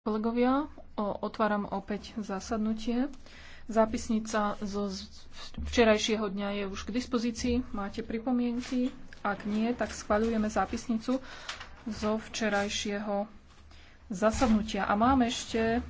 Kolegovia, otváram opäť zasadnutie. Zápisnica zo včerajšieho dňa je už k dispozícii. Máte pripomienky? Ak nie, tak schváľujeme zápisnicu zo včerajšieho zasadnutia. A máme ešte